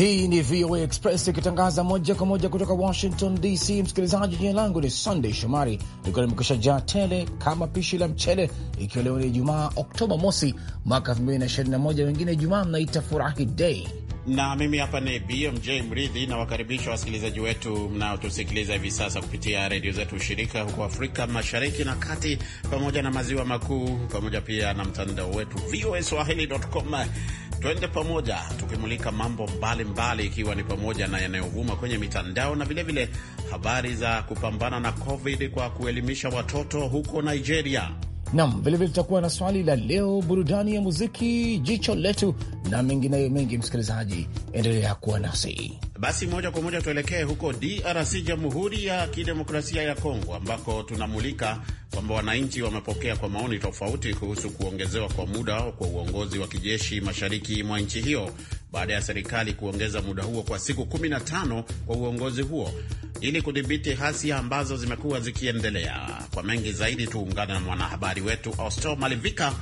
Hii ni VOA Express ikitangaza moja kwa moja kutoka Washington DC. Msikilizaji, jina langu ni Sunday Shomari, ikiwa nimekwisha jaa tele kama pishi la mchele, ikiwa leo ni Ijumaa Oktoba mosi mwaka 2021, wengine Ijumaa mnaita furahi day na mimi hapa ni BMJ Mridhi, nawakaribisha wasikilizaji wetu mnaotusikiliza hivi sasa kupitia redio zetu shirika huko Afrika Mashariki na Kati pamoja na Maziwa Makuu, pamoja pia na mtandao wetu swahili.com. Twende pamoja tukimulika mambo mbalimbali, ikiwa ni pamoja na yanayovuma kwenye mitandao na vilevile habari za kupambana na COVID kwa kuelimisha watoto huko Nigeria. Nam, vilevile tutakuwa na swali la leo, burudani ya muziki, jicho letu na mengineyo mengi. Msikilizaji, endelea kuwa nasi basi. Moja kwa moja tuelekee huko DRC, Jamhuri ya Kidemokrasia ya Kongo, ambako tunamulika kwamba wananchi wamepokea kwa maoni tofauti kuhusu kuongezewa kwa muda kwa uongozi wa kijeshi mashariki mwa nchi hiyo baada ya serikali kuongeza muda huo kwa siku 15 kwa uongozi huo ili kudhibiti hasia ambazo zimekuwa zikiendelea. Kwa mengi zaidi, tuungana na mwanahabari wetu Austo Malivika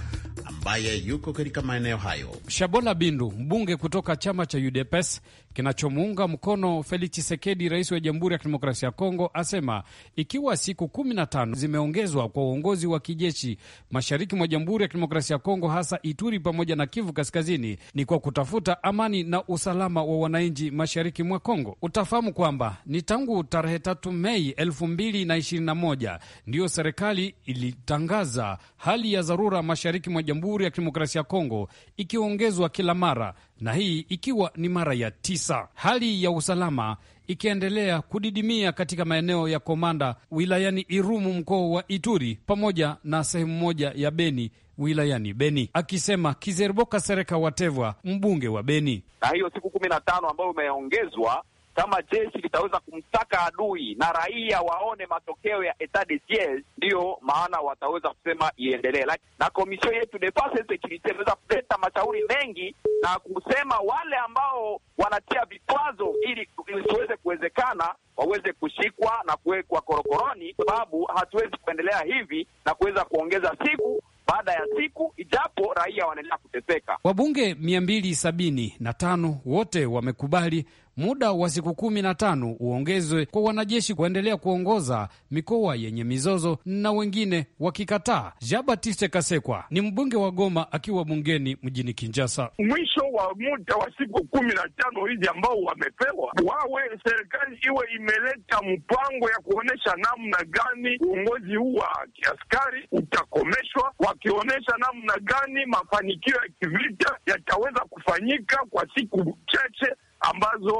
ambaye yuko katika maeneo hayo. Shabola Bindu, mbunge kutoka chama cha UDPS kinachomuunga mkono Felix chisekedi rais wa Jamhuri ya Kidemokrasia ya Kongo, asema ikiwa siku kumi na tano zimeongezwa kwa uongozi wa kijeshi mashariki mwa Jamhuri ya Kidemokrasia ya Kongo, hasa Ituri pamoja na Kivu Kaskazini, ni kwa kutafuta amani na usalama wa wananchi mashariki mwa Kongo. Utafahamu kwamba ni tangu tarehe tatu Mei elfu mbili na ishirini na moja ndiyo serikali ilitangaza hali ya dharura mashariki mwa Jamhuri ya Kidemokrasia ya Kongo, ikiongezwa kila mara na hii ikiwa ni mara ya tisa tisa, hali ya usalama ikiendelea kudidimia katika maeneo ya Komanda wilayani Irumu mkoa wa Ituri pamoja na sehemu moja ya Beni wilayani Beni, akisema Kizeriboka Sereka Watevwa, mbunge wa Beni. Na hiyo siku kumi na tano ambayo imeongezwa kama jeshi litaweza kumsaka adui na raia waone matokeo ya etat de siege, ndiyo maana wataweza kusema iendelee. Na komisio yetu defense securite imeweza kuleta mashauri mengi na kusema wale ambao wanatia vikwazo ili isiweze kuwezekana waweze kushikwa na kuwekwa korokoroni, kwa sababu hatuwezi kuendelea hivi na kuweza kuongeza siku baada ya siku, ijapo raia wanaendelea kuteseka. Wabunge mia mbili sabini na tano wote wamekubali muda wa siku kumi na tano uongezwe kwa wanajeshi kuendelea kuongoza mikoa yenye mizozo na wengine wakikataa. Jean Baptiste Kasekwa ni mbunge wa Goma akiwa bungeni mjini Kinjasa. Mwisho wa muda wa siku kumi na tano hizi ambao wamepewa wawe, serikali iwe imeleta mpango ya kuonyesha namna gani uongozi huu wa kiaskari utakomeshwa, wakionyesha namna gani mafanikio ya kivita yataweza kufanyika kwa siku chache ambazo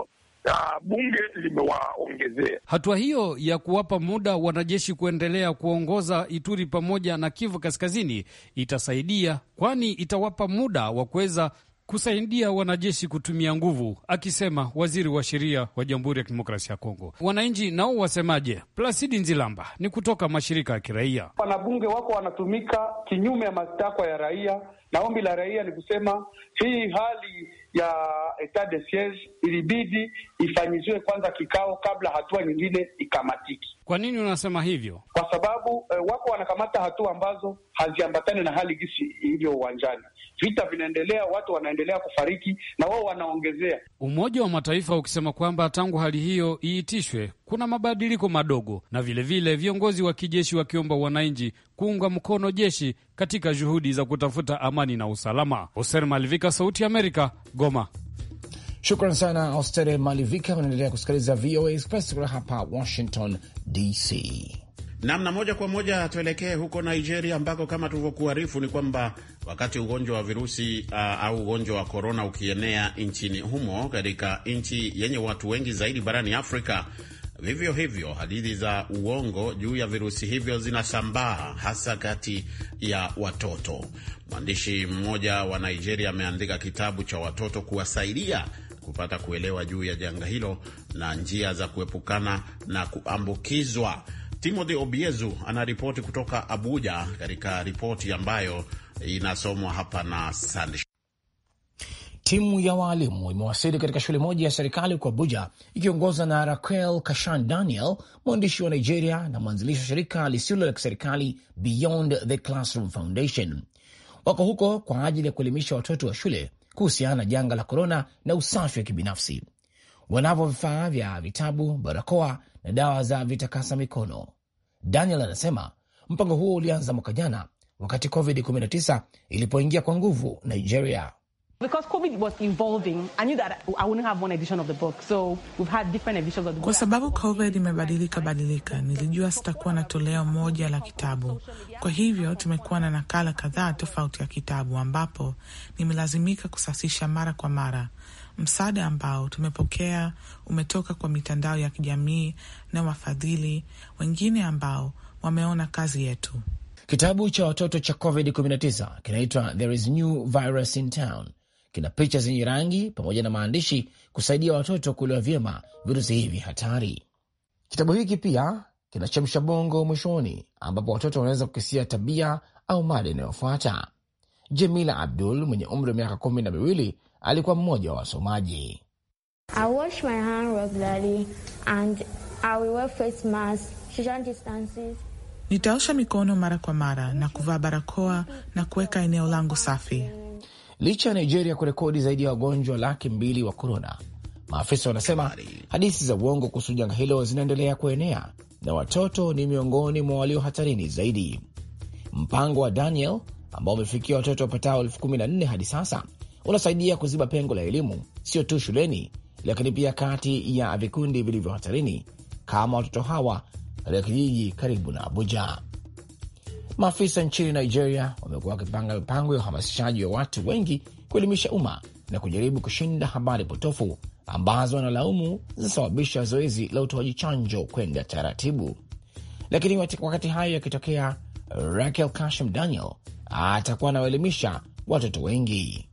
uh, bunge limewaongezea. Hatua hiyo ya kuwapa muda wanajeshi kuendelea kuongoza Ituri pamoja na Kivu Kaskazini itasaidia, kwani itawapa muda wa kuweza kusaidia wanajeshi kutumia nguvu, akisema waziri wa sheria wa Jamhuri ya Kidemokrasia ya Kongo. Wananchi nao wasemaje? Plasidi Nzilamba ni kutoka mashirika ya kiraia. Wanabunge wako wanatumika kinyume ya matakwa ya raia, na ombi la raia ni kusema hii hali ya etat de siege ilibidi ifanyiziwe kwanza kikao kabla hatua nyingine ikamatiki. Kwa nini unasema hivyo? Kwa sababu eh, wako wanakamata hatua ambazo haziambatani na hali gisi ilivyo uwanjani. Vita vinaendelea, watu wanaendelea kufariki na wao wanaongezea. Umoja wa Mataifa ukisema kwamba tangu hali hiyo iitishwe kuna mabadiliko madogo, na vilevile vile, viongozi wa kijeshi wakiomba wananchi kuunga mkono jeshi katika juhudi za kutafuta amani na usalama. Hoser Malivika, Sauti ya Amerika, Goma. Shukran sana Austere Malivika. Unaendelea kusikiliza VOA Express kutoka hapa Washington DC. Namna moja kwa moja tuelekee huko Nigeria, ambako kama tulivyokuarifu ni kwamba wakati ugonjwa wa virusi uh, au ugonjwa wa korona ukienea nchini humo, katika nchi yenye watu wengi zaidi barani Afrika, vivyo hivyo hadithi za uongo juu ya virusi hivyo zinasambaa hasa kati ya watoto. Mwandishi mmoja wa Nigeria ameandika kitabu cha watoto kuwasaidia kupata kuelewa juu ya janga hilo na njia za kuepukana na kuambukizwa. Timothy Obiezu anaripoti kutoka Abuja, katika ripoti ambayo inasomwa hapa na Sandi. Timu ya waalimu imewasili katika shule moja ya serikali huko Abuja ikiongozwa na Raquel Kashan Daniel, mwandishi wa Nigeria na mwanzilishi wa shirika lisilo la kiserikali Beyond the Classroom Foundation. Wako huko kwa ajili ya kuelimisha watoto wa shule kuhusiana na janga la korona na usafi wa kibinafsi. Wanavyo vifaa vya vitabu, barakoa na dawa za vitakasa mikono. Daniel anasema mpango huo ulianza mwaka jana wakati COVID-19 ilipoingia kwa nguvu Nigeria. Kwa sababu COVID imebadilika badilika, nilijua sitakuwa na toleo moja la kitabu. Kwa hivyo tumekuwa na nakala kadhaa tofauti ya kitabu, ambapo nimelazimika kusasisha mara kwa mara. Msaada ambao tumepokea umetoka kwa mitandao ya kijamii na wafadhili wengine ambao wameona kazi yetu. Kitabu cha watoto cha COVID-19 kinaitwa There is New Virus in Town kina picha zenye rangi pamoja na maandishi kusaidia watoto kuelewa vyema virusi hivi hatari. Kitabu hiki pia kinachemsha bongo mwishoni, ambapo watoto wanaweza kukisia tabia au mada inayofuata. Jamila Abdul mwenye umri wa miaka kumi na miwili alikuwa mmoja wa wasomaji. Nitaosha mikono mara kwa mara na kuvaa barakoa na kuweka eneo langu safi licha ya Nigeria kurekodi zaidi ya wagonjwa laki mbili wa korona. Maafisa wanasema hadithi za uongo kuhusu janga hilo zinaendelea kuenea na watoto ni miongoni mwa walio hatarini zaidi. Mpango wa Daniel ambao umefikia watoto wapatao elfu kumi na nne hadi sasa unasaidia kuziba pengo la elimu, sio tu shuleni, lakini pia kati ya vikundi vilivyo hatarini kama watoto hawa katika kijiji karibu na Abuja. Maafisa nchini Nigeria wamekuwa wakipanga mipango ya uhamasishaji wa watu wengi kuelimisha umma na kujaribu kushinda habari potofu ambazo wanalaumu zinasababisha zoezi la utoaji chanjo kwenda taratibu. Lakini wakati hayo yakitokea, Rachel Kashim Daniel atakuwa anawaelimisha watoto wengi.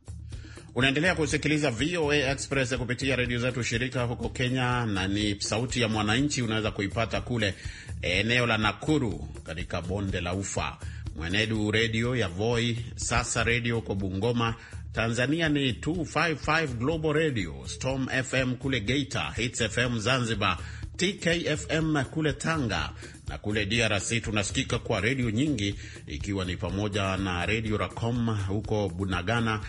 Unaendelea kusikiliza VOA Express kupitia redio zetu shirika huko Kenya, na ni Sauti ya Mwananchi. Unaweza kuipata kule eneo la Nakuru katika bonde la Ufa, Mwenedu redio ya Voi, Sasa redio huko Bungoma. Tanzania ni 255 Global Radio, Storm FM kule Geita, Hits FM Zanzibar, TKFM kule Tanga na kule DRC tunasikika kwa redio nyingi ikiwa ni pamoja na redio Racom huko Bunagana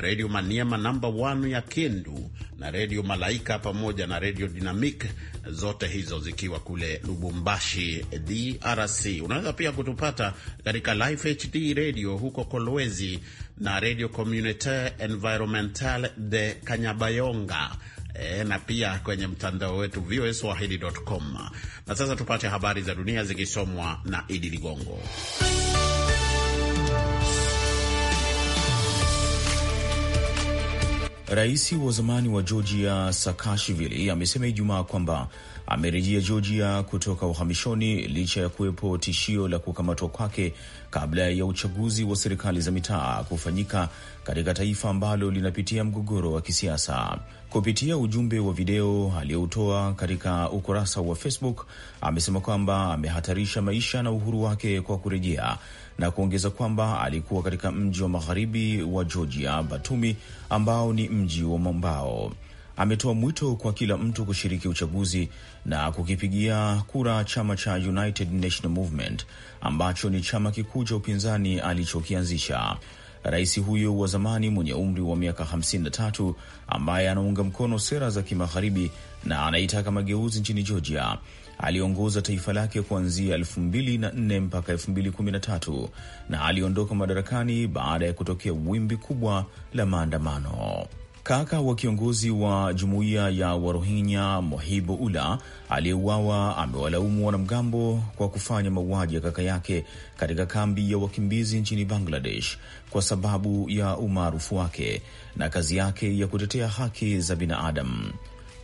Redio Maniema namba 1 ya Kindu na Redio Malaika pamoja na Redio Dynamic, zote hizo zikiwa kule Lubumbashi, DRC. Unaweza pia kutupata katika Life HD Radio huko Kolwezi na Radio Communautaire Environmental de Kanyabayonga. E, na pia kwenye mtandao wetu voaswahili.com. Na sasa tupate habari za dunia zikisomwa na Idi Ligongo. Rais wa zamani wa Georgia Sakashvili amesema Ijumaa kwamba amerejea Georgia kutoka uhamishoni licha ya kuwepo tishio la kukamatwa kwake kabla ya uchaguzi wa serikali za mitaa kufanyika katika taifa ambalo linapitia mgogoro wa kisiasa. Kupitia ujumbe wa video aliyoutoa katika ukurasa wa Facebook, amesema kwamba amehatarisha maisha na uhuru wake kwa kurejea na kuongeza kwamba alikuwa katika mji wa magharibi wa Georgia, Batumi, ambao ni mji wa mwambao ametoa mwito kwa kila mtu kushiriki uchaguzi na kukipigia kura chama cha United National Movement ambacho ni chama kikuu cha upinzani alichokianzisha. Rais huyo wa zamani mwenye umri wa miaka 53 ambaye anaunga mkono sera za kimagharibi na anaitaka mageuzi nchini Georgia aliongoza taifa lake kuanzia 2004 mpaka 2013 na aliondoka madarakani baada ya kutokea wimbi kubwa la maandamano kaka wa kiongozi wa jumuiya ya Warohinya Mohibo Ula aliyeuawa amewalaumu wanamgambo kwa kufanya mauaji ya kaka yake katika kambi ya wakimbizi nchini Bangladesh kwa sababu ya umaarufu wake na kazi yake ya kutetea haki za binadamu.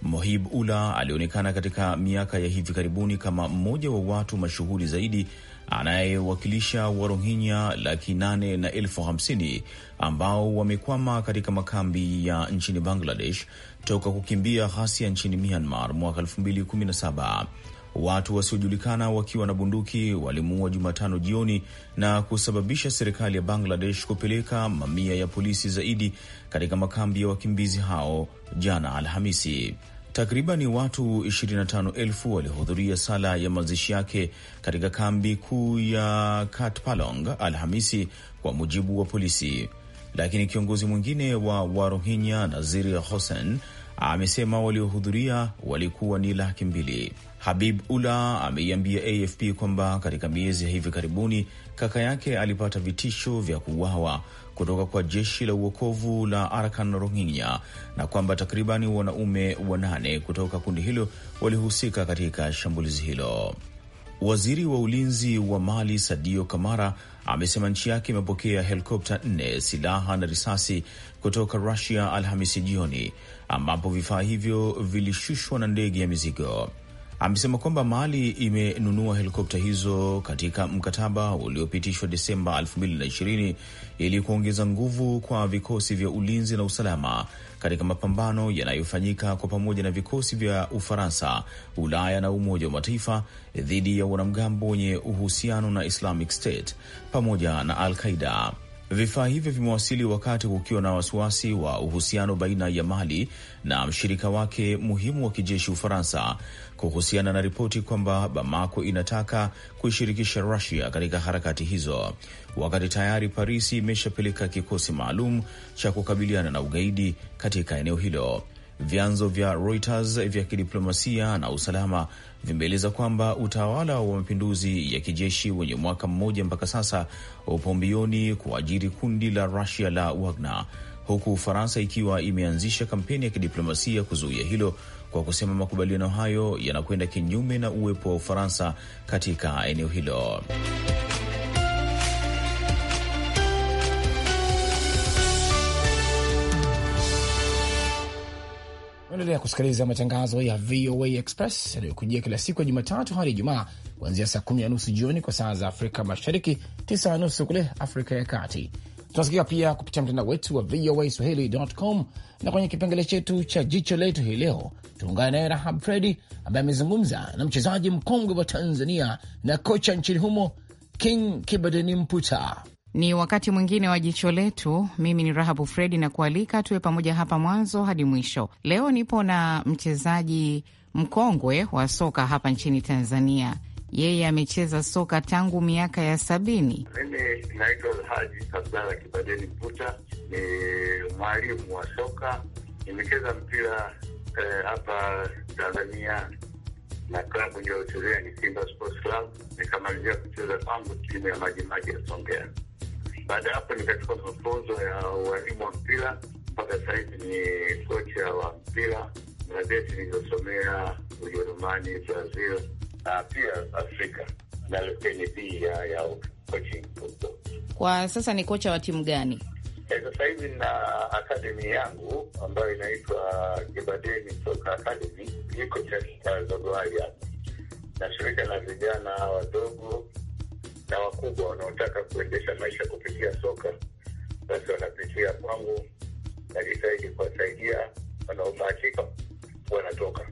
Mohib Ula alionekana katika miaka ya hivi karibuni kama mmoja wa watu mashuhuri zaidi anayewakilisha Warohinya laki nane na elfu hamsini ambao wamekwama katika makambi ya nchini Bangladesh toka kukimbia ghasia nchini Myanmar mwaka 2017. Watu wasiojulikana wakiwa na bunduki walimuua Jumatano jioni na kusababisha serikali ya Bangladesh kupeleka mamia ya polisi zaidi katika makambi ya wakimbizi hao jana Alhamisi. Takribani watu 25,000 walihudhuria sala ya mazishi yake katika kambi kuu ya Katpalong Alhamisi, kwa mujibu wa polisi. Lakini kiongozi mwingine wa Warohinya Naziri hosen amesema waliohudhuria walikuwa ni laki mbili. Habib Ula ameiambia AFP kwamba katika miezi ya hivi karibuni kaka yake alipata vitisho vya kuuawa kutoka kwa jeshi la uokovu la Arakan Rohingya na kwamba takribani wanaume wanane kutoka kundi hilo walihusika katika shambulizi hilo. Waziri wa ulinzi wa Mali Sadio Kamara amesema nchi yake imepokea helikopta nne, silaha na risasi kutoka Rusia Alhamisi jioni, ambapo vifaa hivyo vilishushwa na ndege ya mizigo amesema kwamba Mali imenunua helikopta hizo katika mkataba uliopitishwa Desemba 2020 ili kuongeza nguvu kwa vikosi vya ulinzi na usalama katika mapambano yanayofanyika kwa pamoja na vikosi vya Ufaransa, Ulaya na Umoja wa Mataifa dhidi ya wanamgambo wenye uhusiano na Islamic State pamoja na Al Qaida. Vifaa hivyo vimewasili wakati kukiwa na wasiwasi wa uhusiano baina ya Mali na mshirika wake muhimu wa kijeshi Ufaransa kuhusiana na ripoti kwamba Bamako inataka kuishirikisha Rusia katika harakati hizo, wakati tayari paris imeshapeleka kikosi maalum cha kukabiliana na ugaidi katika eneo hilo. Vyanzo vya Reuters vya kidiplomasia na usalama vimeeleza kwamba utawala wa mapinduzi ya kijeshi wenye mwaka mmoja mpaka sasa upo mbioni kuajiri kundi la Rusia la Wagner, huku Ufaransa ikiwa imeanzisha kampeni ya kidiplomasia kuzuia hilo kwa kusema makubaliano hayo yanakwenda kinyume na uwepo wa Ufaransa katika eneo hilo. Unaendelea kusikiliza matangazo ya VOA Express yanayokujia kila siku ya Jumatatu hadi Ijumaa kuanzia saa kumi na nusu jioni kwa saa za Afrika Mashariki, tisa na nusu kule Afrika ya Kati. Tunasikika pia kupitia mtandao wetu wa VOA Swahili.com na kwenye kipengele chetu cha jicho letu hii leo tuungane naye Rahab Fredi ambaye amezungumza na mchezaji mkongwe wa Tanzania na kocha nchini humo King Kibadeni Mputa. Ni wakati mwingine wa jicho letu. Mimi ni Rahabu Fredi na kualika tuwe pamoja hapa mwanzo hadi mwisho. Leo nipo na mchezaji mkongwe wa soka hapa nchini Tanzania. Yeye amecheza soka tangu miaka ya sabini. Mimi naitwa Haji Kabdala Kibadeni Mputa, ni mwalimu wa soka. Nimecheza mpira eh, hapa Tanzania na klabu niliyochezea ni Simba Sports Club. Nikamalizia kucheza kwangu timu ya Majimaji ya Songea. Baada ya hapo nikachukua mafunzo ya ualimu wa mpira, mpaka sahizi ni kocha wa mpira gazeti nilizosomea Ujerumani, Brazil na pia Afrika na NB ya, ya coaching. Kwa sasa ni kocha wa timu gani? E, sasa hivi na akademi yangu ambayo inaitwa Kibadeni Soka Akademi, iko Zagoa na nashirika na vijana wadogo na wakubwa wanaotaka kuendesha maisha kupitia soka, basi wanapitia kwangu, najitahidi kuwasaidia, wanaobahatika wanatoka.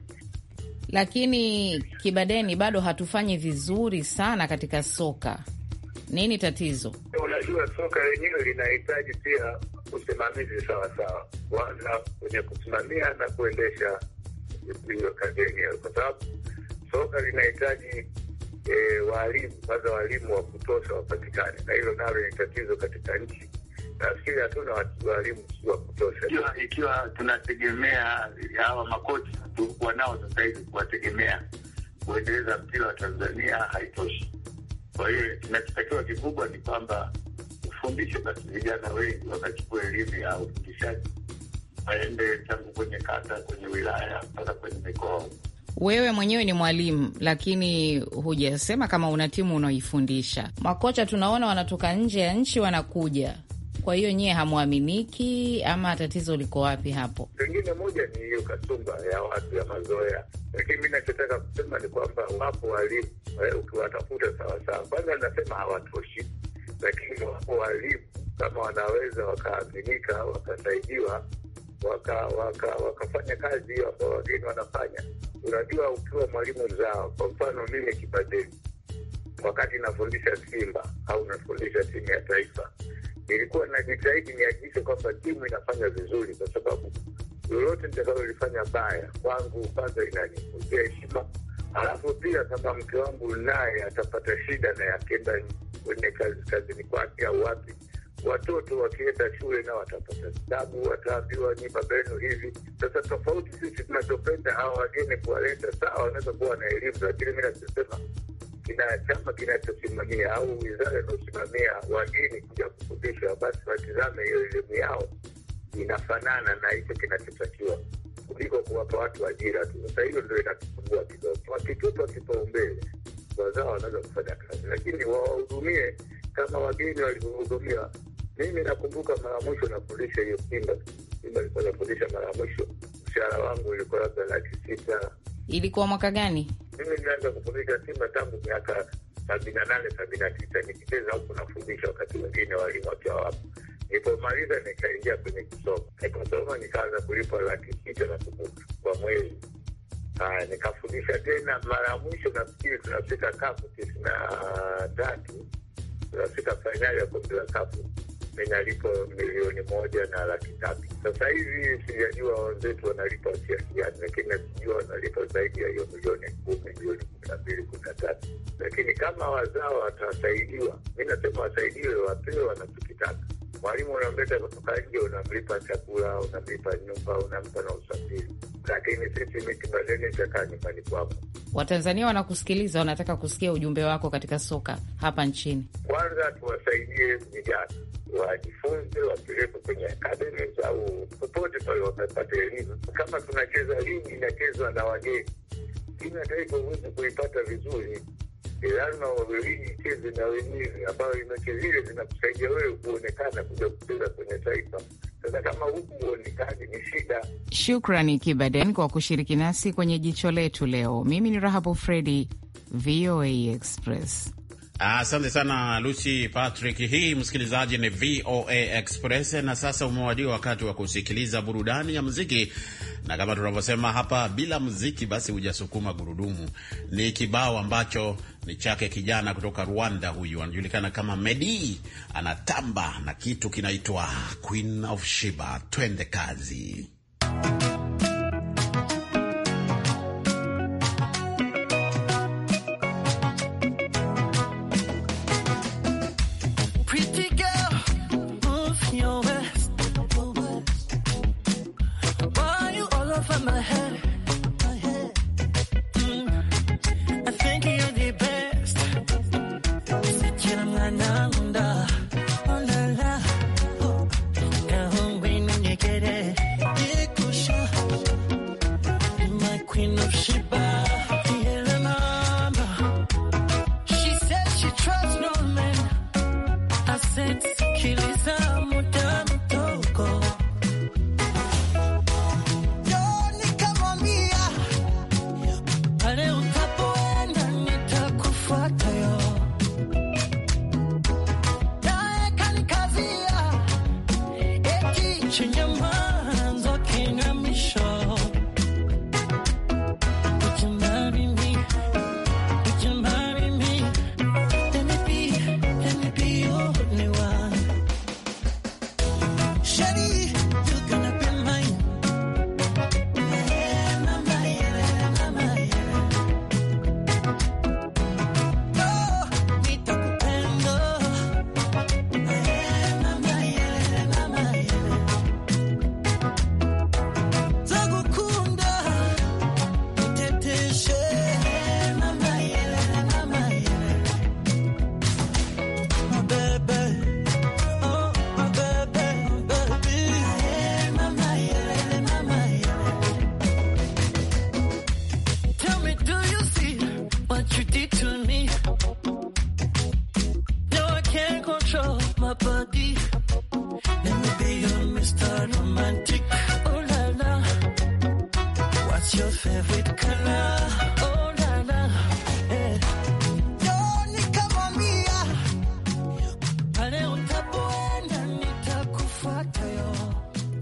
Lakini Kibadeni, bado hatufanyi vizuri sana katika soka. Nini tatizo? Unajua, soka lenyewe linahitaji pia usimamizi sawasawa, kwanza wenye kusimamia na kuendesha hiyo kazi yenyewe, kwa sababu soka linahitaji e, waalimu kwanza, waalimu wa kutosha wapatikane, na hilo nalo ni tatizo katika nchi. Nafikiri hatuna waalimu wa kutosha, ikiwa, ikiwa tunategemea hawa makocha tulikuwa nao sasa hivi kuwategemea kuendeleza mpira wa Tanzania haitoshi. Kwa hiyo kinachotakiwa kikubwa ni kwamba ufundishe basi vijana wengi wakachukua elimu ya ufundishaji, waende tangu kwenye kata, kwenye wilaya mpaka kwenye mikoa wewe mwenyewe ni mwalimu, lakini hujasema kama una timu unaoifundisha. Makocha tunaona wanatoka nje ya nchi wanakuja kwa hiyo nyie hamwaminiki ama tatizo liko wapi hapo? Pengine moja ni hiyo kasumba ya watu ya mazoea, lakini mi nachotaka kusema ni kwamba wapo walimu eh, ukiwatafuta sawasawa, kwanza nasema hawatoshi, lakini wapo walimu kama wanaweza wakaaminika wakasaidiwa wakafanya waka, waka kazi hiyo ambao wageni wanafanya. Unajua, ukiwa mwalimu zao, kwa mfano mimi Kibadeni, wakati nafundisha Simba au nafundisha timu ya taifa, nilikuwa najitahidi nihakikishe kwamba timu inafanya vizuri, kwa sababu lolote nitakalolifanya baya kwangu, kwanza inanipuzia heshima, alafu pia kama mke wangu naye atapata shida naye akienda kwenye kazi kazini kwake au wapi watoto wakienda shule na watapata kitabu, wataambiwa ni mabeno hivi. Sasa tofauti sisi tunachopenda hawa wageni kuwaleta, sawa, wanaweza kuwa na elimu, lakini mi nachosema kina chama kinachosimamia au wizara inaosimamia wageni kuja kufundishwa, basi watizame hiyo elimu yao inafanana na hicho kinachotakiwa kuliko kuwapa watu ajira tu. Sasa hiyo ndio inatufungua kidogo. Wakitupa kipaumbele, wazao wanaweza kufanya kazi, lakini wawahudumie kama wageni walivyohudhuria. Mimi nakumbuka mara mwisho nafundisha hiyo Simba, Simba ilikuwa nafundisha mara mwisho, mshahara wangu ilikuwa labda laki sita. Ilikuwa mwaka gani? Mimi nimeanza kufundisha Simba tangu miaka sabini na nane sabini na tisa nikicheza huku nafundisha, wakati wengine walimu wakiwa wapo. Nilipomaliza nikaingia kwenye kusoma, nikasoma nikaanza kulipwa laki sita na kubuka kwa mwezi. Haya, ah, nikafundisha tena mara ya mwisho nafikiri tunafika kapu tisini na tatu kufika fainali ya kombe la kapu ninalipa milioni moja na laki tatu. Sasa hivi sijajua wenzetu wanalipa kiasi gani, lakini nasijua wanalipa zaidi ya hiyo milioni kumi, milioni kumi na mbili, kumi na tatu. Lakini kama wazao watasaidiwa, mi nasema wasaidiwe, wapewe wanachokitaka. Mwalimu unamleta kutoka nje, unamlipa chakula, unamlipa nyumba, unampa na usafiri, lakini sisi mitibadeni itakaa nyumbani kwako. Watanzania wanakusikiliza, wanataka kusikia ujumbe wako katika soka hapa nchini. Kwanza tuwasaidie vijana wajifunze, wapelekwe kwenye akademi au popote pale wapate elimu. Kama tunacheza ligi inachezwa na wageni, timu ya taifa huwezi kuipata vizuri ni lazima Waberlini na wenyewe, ambayo inachezile zinakusaidia wewe kuonekana kuja kucheza kwenye taifa. Sasa kama huku huonekani ni shida. Shukrani Kibaden kwa kushiriki nasi kwenye jicho letu leo. Mimi ni Rahabu Fredi, VOA Express. Asante sana Lucy Patrick. Hii msikilizaji ni VOA Express, na sasa umewadia wakati wa kusikiliza burudani ya muziki, na kama tunavyosema hapa, bila muziki basi hujasukuma gurudumu. Ni kibao ambacho ni chake kijana kutoka Rwanda, huyu anajulikana kama Medi, anatamba na kitu kinaitwa Queen of Sheba. Twende kazi.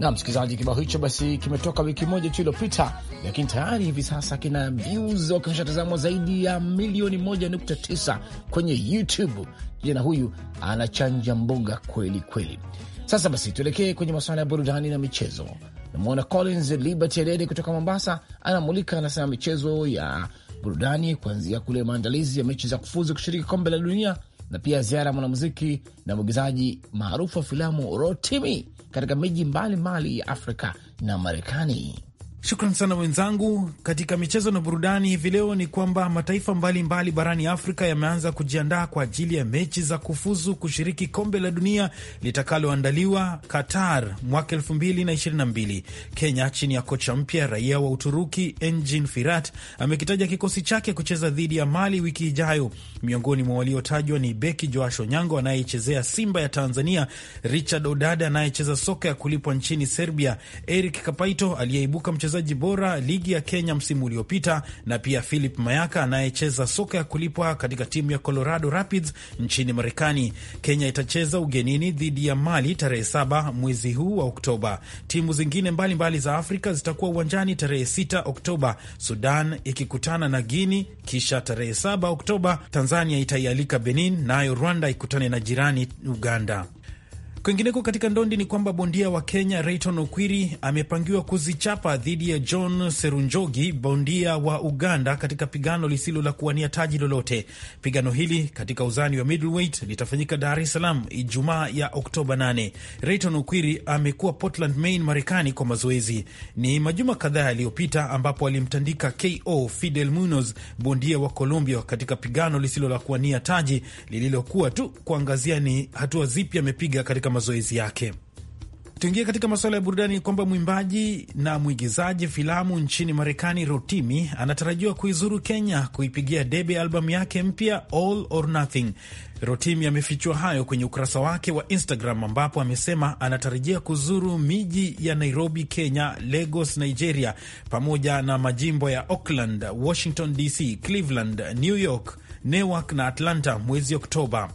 na msikilizaji, kibao hicho basi kimetoka wiki moja tu iliyopita, lakini tayari hivi sasa kina views wakishatazamwa zaidi ya milioni moja nukta tisa kwenye YouTube. Kijana huyu anachanja mboga kweli kweli. Sasa basi tuelekee kwenye masuala ya burudani na michezo. Namwona Collins Liberty Adede kutoka Mombasa anamulika, anasema michezo ya burudani kuanzia kule maandalizi ya mechi za kufuzu kushiriki kombe la dunia na pia ziara ya mwanamuziki na mwigizaji maarufu wa filamu Rotimi katika miji mbalimbali ya Afrika na Marekani. Shukran sana wenzangu. Katika michezo na burudani hivi leo ni kwamba mataifa mbalimbali mbali barani Afrika yameanza kujiandaa kwa ajili ya mechi za kufuzu kushiriki kombe la dunia litakaloandaliwa Qatar mwaka mbili. Kenya chini ya kocha mpya raia wa Uturuki Engin Firat amekitaja kikosi chake kucheza dhidi ya Mali wiki ijayo. Miongoni mwa waliotajwa ni beki Joash Onyango anayechezea Simba ya Tanzania, Richard Odada anayecheza soka ya kulipwa nchini Serbia, Eric Kapaito aliyeibuka mchezaji mchezaji bora ligi ya Kenya msimu uliopita, na pia Philip Mayaka anayecheza soka ya kulipwa katika timu ya Colorado Rapids nchini Marekani. Kenya itacheza ugenini dhidi ya Mali tarehe saba mwezi huu wa Oktoba. Timu zingine mbalimbali mbali za Afrika zitakuwa uwanjani tarehe 6 Oktoba, Sudan ikikutana na Guini, kisha tarehe 7 Oktoba Tanzania itaialika Benin, nayo na Rwanda ikutane na jirani Uganda. Kwingineko katika ndondi ni kwamba bondia wa Kenya Rayton Okwiri amepangiwa kuzichapa dhidi ya John Serunjogi, bondia wa Uganda, katika pigano lisilo la kuwania taji lolote. Pigano hili katika uzani wa middleweight litafanyika Dar es Salaam Ijumaa ya Oktoba 8. Rayton Okwiri amekuwa Portland, Maine, Marekani kwa mazoezi. Ni majuma kadhaa yaliyopita ambapo alimtandika KO Fidel Munoz, bondia wa Colombia, katika pigano lisilo la kuwania taji lililokuwa tu kuangazia ni hatua zipi amepiga katika mazoezi yake. Tuingie katika masuala ya burudani, kwamba mwimbaji na mwigizaji filamu nchini Marekani Rotimi anatarajiwa kuizuru Kenya kuipigia debe albamu yake mpya All or Nothing. Rotimi amefichua hayo kwenye ukurasa wake wa Instagram ambapo amesema anatarajia kuzuru miji ya Nairobi, Kenya, Lagos, Nigeria, pamoja na majimbo ya Oakland, Washington DC, Cleveland, New York, Newark na Atlanta mwezi Oktoba.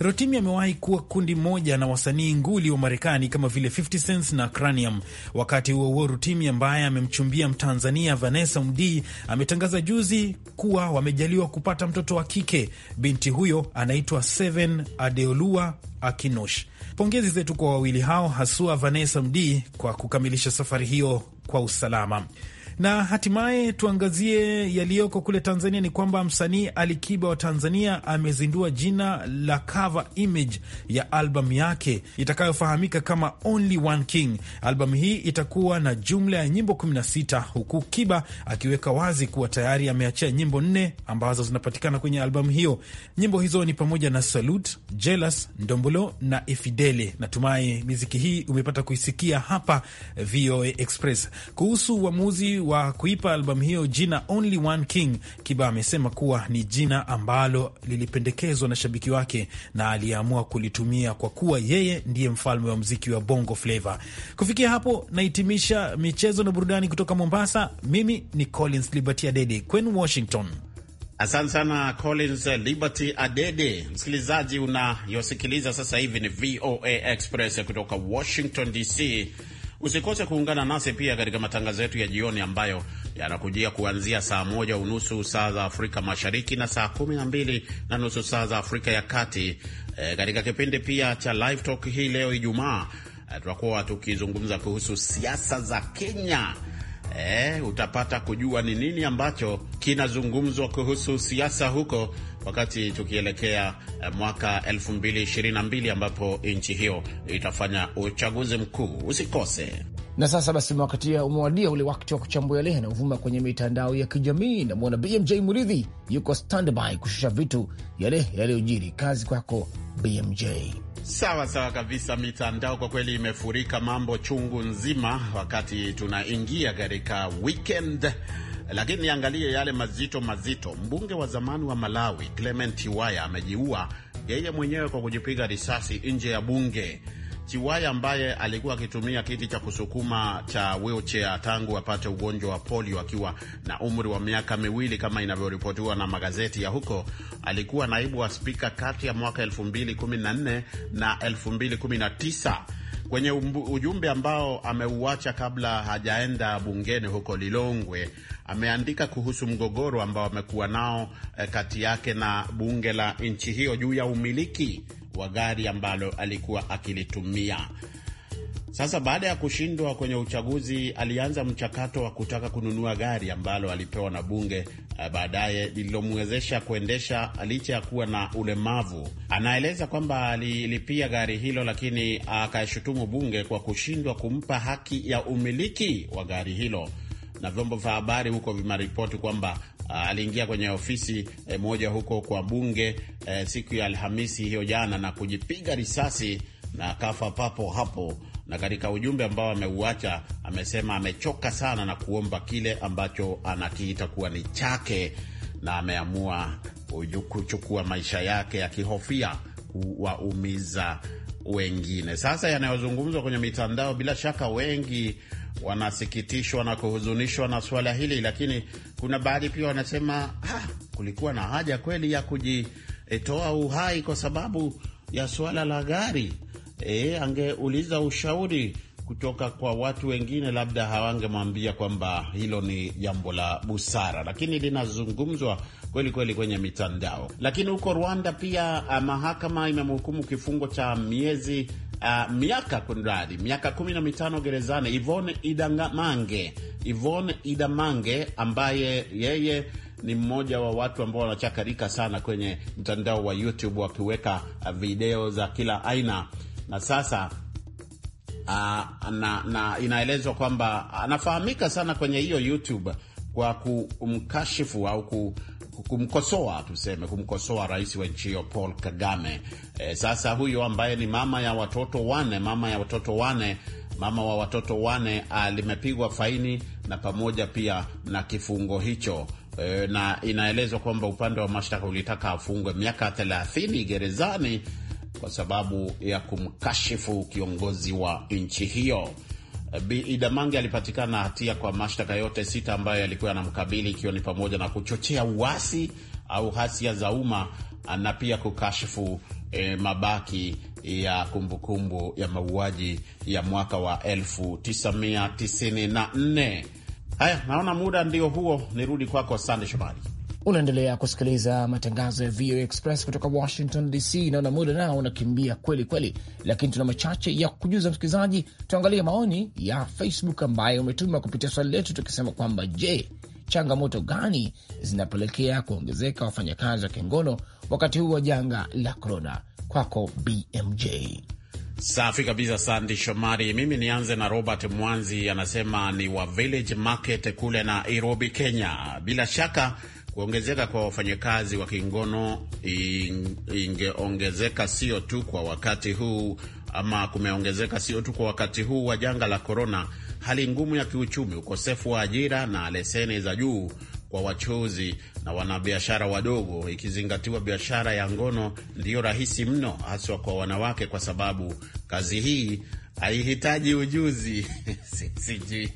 Rotimi amewahi kuwa kundi moja na wasanii nguli wa Marekani kama vile 50 Cent na Cranium. Wakati huo huo, Rotimi ambaye amemchumbia Mtanzania Vanessa Mdee ametangaza juzi kuwa wamejaliwa kupata mtoto wa kike. Binti huyo anaitwa Seven Adeolua Akinosh. Pongezi zetu kwa wawili hao, haswa Vanessa Mdee kwa kukamilisha safari hiyo kwa usalama. Na hatimaye tuangazie yaliyoko kule Tanzania. Ni kwamba msanii Alikiba wa Tanzania amezindua jina la cover image ya albamu yake itakayofahamika kama Only One King. Albamu hii itakuwa na jumla ya nyimbo 16 huku Kiba akiweka wazi kuwa tayari ameachia nyimbo nne ambazo zinapatikana kwenye albamu hiyo. Nyimbo hizo ni pamoja na Salute, Jealous, Ndombolo na Ifidele. Natumai miziki hii umepata kuisikia hapa VOA Express. Kuhusu uamuzi wa kuipa albamu hiyo jina Only One King, Kiba amesema kuwa ni jina ambalo lilipendekezwa na shabiki wake na aliyeamua kulitumia kwa kuwa yeye ndiye mfalme wa mziki wa bongo flava. Kufikia hapo nahitimisha michezo na burudani kutoka Mombasa. Mimi ni Collins Liberty Adede kwenu Washington. Asante sana Collins Liberty Adede. Msikilizaji unayosikiliza sasa hivi ni VOA Express kutoka Washington DC. Usikose kuungana nasi pia katika matangazo yetu ya jioni ambayo yanakujia kuanzia saa moja unusu saa za Afrika Mashariki na saa kumi na mbili na nusu saa za Afrika ya Kati. E, katika kipindi pia cha Live Talk hii leo Ijumaa eh, tutakuwa tukizungumza kuhusu siasa za Kenya. E, utapata kujua ni nini ambacho kinazungumzwa kuhusu siasa huko wakati tukielekea eh, mwaka 2022 ambapo nchi hiyo itafanya uchaguzi mkuu. Usikose. Na sasa basi, wakati umewadia ule wakati wa kuchambua yale yanayovuma kwenye mitandao ya kijamii. Namwona BMJ Muridhi yuko standby kushusha vitu yale yaliyojiri. Kazi kwako BMJ. Sawa sawa kabisa. Mitandao kwa kweli imefurika mambo chungu nzima, wakati tunaingia katika weekend lakini niangalie yale mazito mazito. Mbunge wa zamani wa Malawi Clement Chiwaya amejiua yeye mwenyewe kwa kujipiga risasi nje ya bunge. Chiwaya ambaye alikuwa akitumia kiti cha kusukuma cha wheelchair tangu apate ugonjwa wa polio akiwa na umri wa miaka miwili kama inavyoripotiwa na magazeti ya huko. Alikuwa naibu wa spika kati ya mwaka 2014 na 2019. Kwenye ujumbe ambao ameuacha kabla hajaenda bungeni huko Lilongwe, ameandika kuhusu mgogoro ambao amekuwa nao eh, kati yake na bunge la nchi hiyo juu ya umiliki wa gari ambalo alikuwa akilitumia. Sasa baada ya kushindwa kwenye uchaguzi, alianza mchakato wa kutaka kununua gari ambalo alipewa na bunge eh, baadaye lililomwezesha kuendesha licha ya kuwa na ulemavu. Anaeleza kwamba alilipia gari hilo, lakini akashutumu bunge kwa kushindwa kumpa haki ya umiliki wa gari hilo na vyombo vya habari huko vimeripoti kwamba uh, aliingia kwenye ofisi eh, moja huko kwa bunge eh, siku ya Alhamisi hiyo jana na kujipiga risasi na kafa papo hapo. Na katika ujumbe ambao ameuacha amesema amechoka sana na kuomba kile ambacho anakiita kuwa ni chake, na ameamua kuchukua maisha yake akihofia kuwaumiza wengine. Sasa yanayozungumzwa kwenye mitandao, bila shaka wengi wanasikitishwa na kuhuzunishwa na suala hili, lakini kuna baadhi pia wanasema ah, kulikuwa na haja kweli ya kujitoa uhai kwa sababu ya suala la gari. E, angeuliza ushauri kutoka kwa watu wengine, labda hawangemwambia kwamba hilo ni jambo la busara, lakini linazungumzwa kweli kweli kwenye mitandao. Lakini huko Rwanda pia mahakama imemhukumu kifungo cha miezi uh, miaka kunradi miaka kumi na mitano gerezani Yvonne Idamange, Yvonne Idamange ambaye yeye ni mmoja wa watu ambao wanachakarika sana kwenye mtandao wa YouTube wakiweka ah, video za kila aina na sasa uh, na, na inaelezwa kwamba anafahamika sana kwenye hiyo YouTube kwa kumkashifu au ku, kumkosoa, tuseme kumkosoa rais wa nchi hiyo Paul Kagame. E, sasa huyo ambaye ni mama ya watoto wane, mama ya watoto wane, mama wa watoto wane alimepigwa faini na pamoja pia na kifungo hicho e, na inaelezwa kwamba upande wa mashtaka ulitaka afungwe miaka 30 gerezani kwa sababu ya kumkashifu kiongozi wa nchi hiyo. Eh, Bi Ida Mange alipatikana hatia kwa mashtaka yote sita ambayo yalikuwa yanamkabili ikiwa ni pamoja na kuchochea uasi au hasia za umma eh, na pia kukashifu e, mabaki ya kumbukumbu kumbu ya mauaji ya mwaka wa 1994. Haya, naona muda ndio huo, nirudi kwako kwa Sande Shomari. Unaendelea kusikiliza matangazo ya VOA Express kutoka Washington DC. Naona muda nao unakimbia kweli kweli, lakini tuna machache ya kujuza msikilizaji. Tuangalie maoni ya Facebook ambayo umetuma kupitia swali letu tukisema kwamba je, changamoto gani zinapelekea kuongezeka wafanyakazi wa kingono wakati huu wa janga la korona? Kwako BMJ. Safi kabisa, Sandi Shomari. Mimi nianze na Robert Mwanzi, anasema ni wa Village Market kule na Nairobi, Kenya. Bila shaka Kuongezeka kwa wafanyakazi wa kingono ingeongezeka sio tu kwa wakati huu ama kumeongezeka sio tu kwa wakati huu wa janga la korona, hali ngumu ya kiuchumi, ukosefu wa ajira na leseni za juu kwa wachuuzi na wanabiashara wadogo, ikizingatiwa biashara ya ngono ndiyo rahisi mno, haswa kwa wanawake, kwa sababu kazi hii haihitaji ujuzi sijui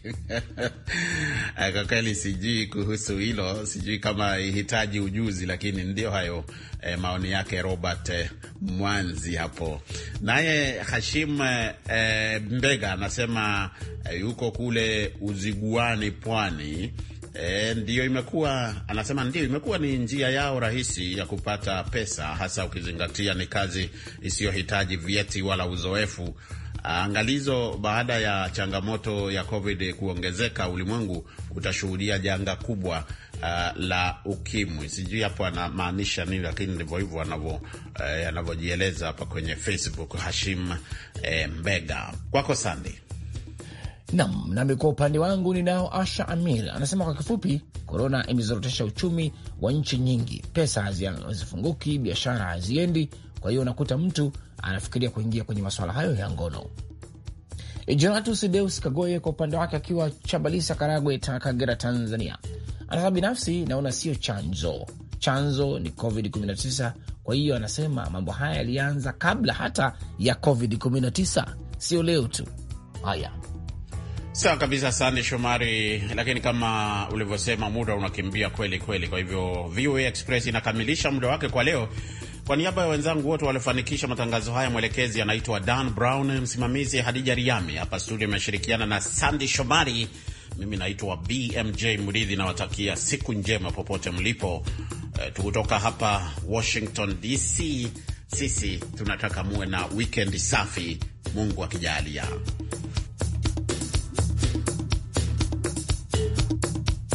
kwa kweli, sijui kuhusu hilo, sijui kama haihitaji ujuzi, lakini ndio hayo eh, maoni yake Robert eh, Mwanzi hapo. Naye Hashim eh, Mbega anasema eh, yuko kule Uziguani, Pwani. E, ndio imekuwa anasema, ndio imekuwa ni njia yao rahisi ya kupata pesa, hasa ukizingatia ni kazi isiyohitaji vyeti wala uzoefu Angalizo, baada ya changamoto ya COVID kuongezeka, ulimwengu utashuhudia janga kubwa uh, la ukimwi. Sijui hapo anamaanisha nini, lakini ndivyo hivyo uh, anavyojieleza uh, hapa kwenye Facebook Hashim uh, Mbega. Kwako Sandi. Nam nami kwa upande wangu ninao Asha Amir anasema kwa kifupi, korona imezorotesha uchumi wa nchi nyingi, pesa hazifunguki, biashara haziendi, kwa hiyo unakuta mtu anafikiria kuingia kwenye masuala hayo ya ngono. E, Jonatus Deus Kagoye kwa upande wake akiwa Chabalisa, Karagwe, Kagera, Tanzania, anasema binafsi naona sio chanzo, chanzo ni COVID-19. Kwa hiyo anasema mambo haya yalianza kabla hata ya COVID-19, sio leo tu. Haya, sawa kabisa, asante Shomari. Lakini kama ulivyosema, muda unakimbia kweli kweli. Kwa hivyo VOA Express inakamilisha muda wake kwa leo, kwa niaba ya wenzangu wote waliofanikisha matangazo haya, mwelekezi anaitwa Dan Brown, msimamizi Hadija Riami, hapa studio imeshirikiana na Sandi Shomari. Mimi naitwa BMJ Mridhi, nawatakia siku njema popote mlipo. E, eh, tukutoka hapa Washington DC, sisi tunataka muwe na wikendi safi, Mungu akijalia.